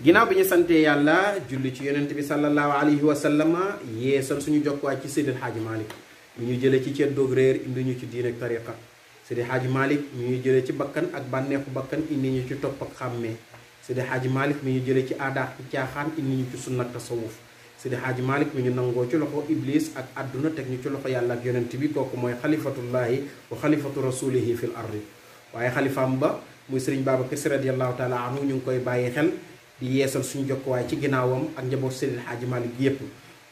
ginnaaw bi ñu santee yàlla julli ci yonent bi sallallahu alayhi wa sallam yeesal suñu jokkuwaay ci Seydil Hadji Malick mi ñu jëlee ci ceet doog réer indi ñu ci diin ak tariqa Seydil Hadji Malick mi ñu jëlee ci bakkan ak bànneexu bakkan indi ñu ci topp ak xàmmee Seydil Hadji Malick mi ñu jëlee ci aada ak caaxaan indi ñu ci sunna ak tasawuf Seydi Hadji Malick mi ñu nangoo ci loxo Iblis ak àdduna teg ñu ci loxo yàlla ak yonent bi kooku mooy xalifatullahi wa xalifatu rasulihi fil ardi waaye xalifaam ba muy sëriñ Babacar Si radiyallahu taala di yeesal suñu jokkuwaay ci ginnaawam ak njaboot Serigne Hadji Malick yépp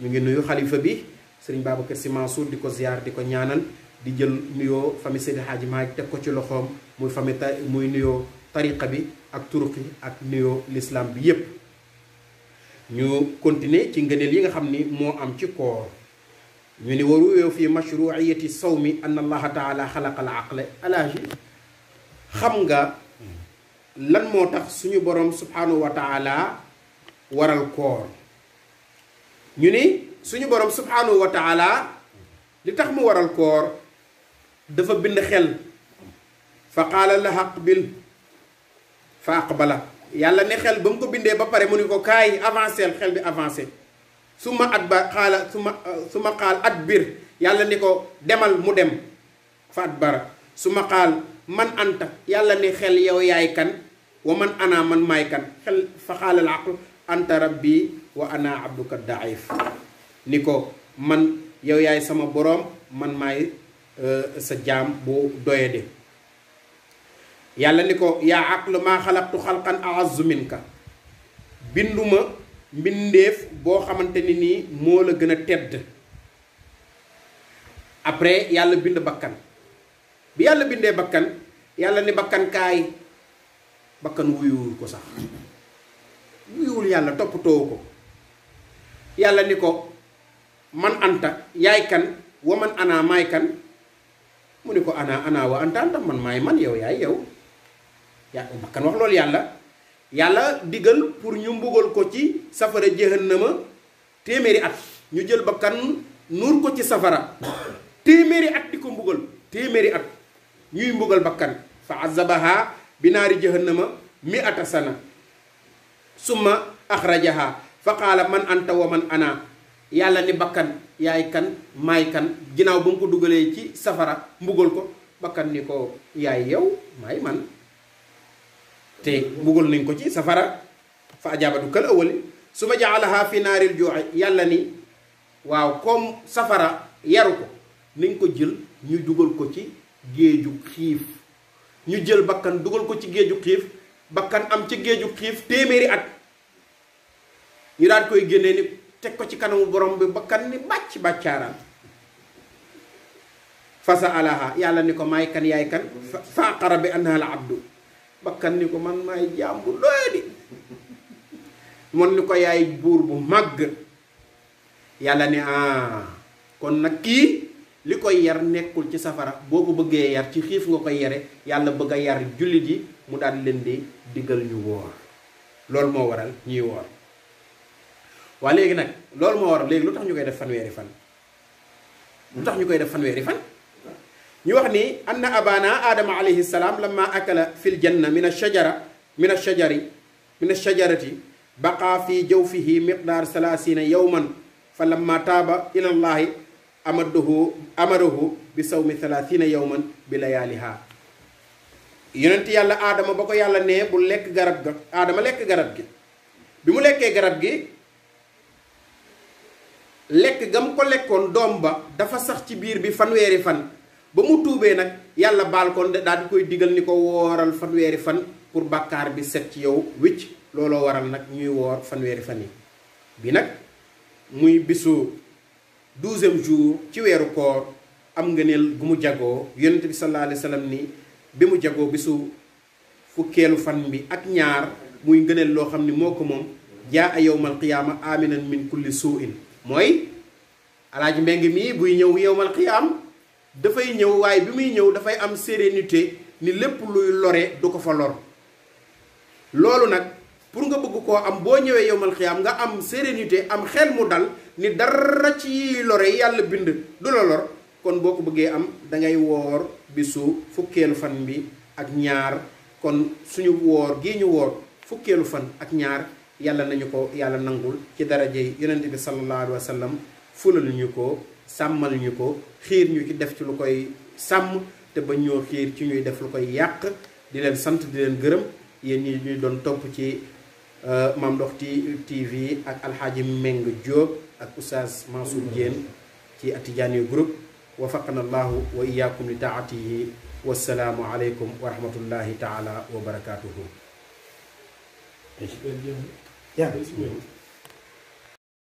ñu ngi nuyu xalifa bi Serigne Babacar Sy Mansour di ko ziar di ko ñaanal di jël nuyoo famille Serigne Hadji Malick teg ko ci loxoom muy famille ta muy nuyoo tariqa bi ak turuqi ak nuyoo lislaam bi yépp ñu continuer ci ngëneel yi nga xam ni moo am ci koor ñu ni waru yow fii mashruiyati sawmi an allaha taala xalaqa al alaaji xam nga lan moo tax suñu borom subhanahu wa waral koor ñu ni suñu boroom subhanahu wa li tax mu waral koor dafa bind xel fa qaala la aqbil fa aqbala yàlla ne xel ba mu ko bindee ba pare mu ni ko kaay avancé xel bi avancé su ma at ba xaala su ma su ma xaal at biir yàlla ni ko demal mu dem fa at bara su ma xaal man anta yàlla ne xel yow yaay kan wa man ana man may kan xel fa xaalal aql anta rabbi wa ana abduka daif ni ko man yow yaay sama boroom man may euh, sa jaam bu doyade yàlla ni ko yaa aql maa xalaqtu xalqan a'azzu minka binduma mbindeef boo xamante ni nii moo la gën a tedd après yàlla bind bakkan bi yàlla bindee bakkan yàlla ni bakkan bakkan wuyuwul ko sax wuyuwul yàlla toppatoo ko yàlla ni ko man anta yaay kan wa man ana maay kan mu ni ko ana ana wa anta anta man maay man yow yaay yow yaa bakkan wax loolu yàlla yàlla digal pour ñu mbugal ko ci safara na ma téeméeri at ñu jël bakkan nuur ko ci safara téeméeri at di ko mbugal téeméeri at ñuy mbugal bakkan fa azabaha binaari jahannama mi ata sana summa axrajaha fa qaala man anta wa man ana yàlla ni bakkan yaay kan maay kan ginnaaw ba mu ko dugalee ci safara mbugal ko bakkan ni ko yaay yow maay man te mbugal nañ ko ci safara fa ajaabatu kal awali su ma jaalaha fi naaril jooxe yàlla ni waaw koom safara yaru ko nañ ko jël ñu dugal ko ci géeju xiif ñu jël bakkan dugal ko ci géeju xiif bakkan am ci géeju xiif téeméeri at ñu daan koy génnee ni teg ko ci kanamu borom bi bakkan ni bàcc bàccaaraan fasa alaha yàlla ni ko maay kan yaay kan faqara bi anha la abdu bakkan ni ko man maay jaam bu doyadi ni ko yaay buur bu màgg yàlla ni ah kon nag kii li koy yar nekkul ci safara boo ko bëggee yar ci xiif nga koy yare yàlla bëgg a yar jullit yi mu daal leen di diggal ñu woor loolu moo waral ñuy woor waa léegi nag loolu moo waral léegi lu tax ñu koy def fanweeri fan ñu koy def fanweeri wax ni anna abana aadama alayhi salaam lamma akala fil janna min ashajara min ashajari min ashajarati baqa fi jawfihi miqdaar salaasina yawman fa lamma taaba ilallahi ama amarahu bi saw sawmi thalathina yawman bi layaaliha yonent yàlla aadama ba ko yàlla nee bu lekk garab aadama lekk garab gi bi mu lekkee garab gi lekk gam ko lekkoon doom ba dafa sax ci biir bi fanweeri fan ba mu tuubee nag yàlla baal ko daal di koy digal ni ko wooral fanweeri fan pour bàkkaar bi set ci yow wicc looloo waral nag ñuy woor fanweeri fan yi bi nag muy bisu douzième jour ci weeru koor am ngëneel gu mu jagoo yonent bi sallallahu alayhi wa ni bi mu jagoo bi bisu fukkeelu fan bi ak ñaar muy ngëneel loo xam ni moo ko moom jaa a yowmal qiyaama aminan min kulli suu'in mooy alaaji mbeng mi buy ñëw yowmal qiyaam dafay ñëw waaye bi muy ñëw dafay am sérénité ni lépp luy lore du ko fa lor loolu nag pour nga bëgg koo am boo ñëwee yowmal xiyaam nga am sérénité am xel mu dal ni dara ci lore yàlla bind du la lor kon boo ko bëggee am da ngay woor bisu fukkeelu fan bi ak ñaar kon suñu woor gii ñu woor fukkeelu fan ak ñaar yàlla nañu ko yàlla nangul ci daraje yonent bi sallallahu alayhi wa sallam ñu ko sàmmaluñu ko xiir ñu ci def ci lu koy sàmm te ba ñoo xiir ci ñuy def lu koy yàq di leen sant di leen gërëm yéen ñi ñuy doon topp ci Euh, Mame Ndokh TV ak alxaaji Meng Diop ak oustaz Mansour Diène ci Atijaani groupe wafaqana allahu wa iyaakum li taatihi wasalaamu aleykum wa rahmatullahi taala wa barakaatuhu